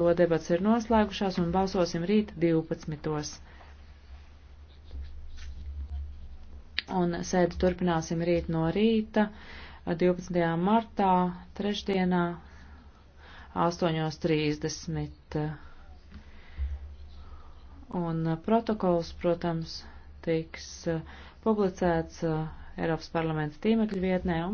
To debats ir noslēgušās un balsosim rīt 12. Un sēdi turpināsim rīt no rīta 12. martā, trešdienā 8.30. Un protokols, protams, tiks publicēts Eiropas parlamenta tīmekļu vietnē un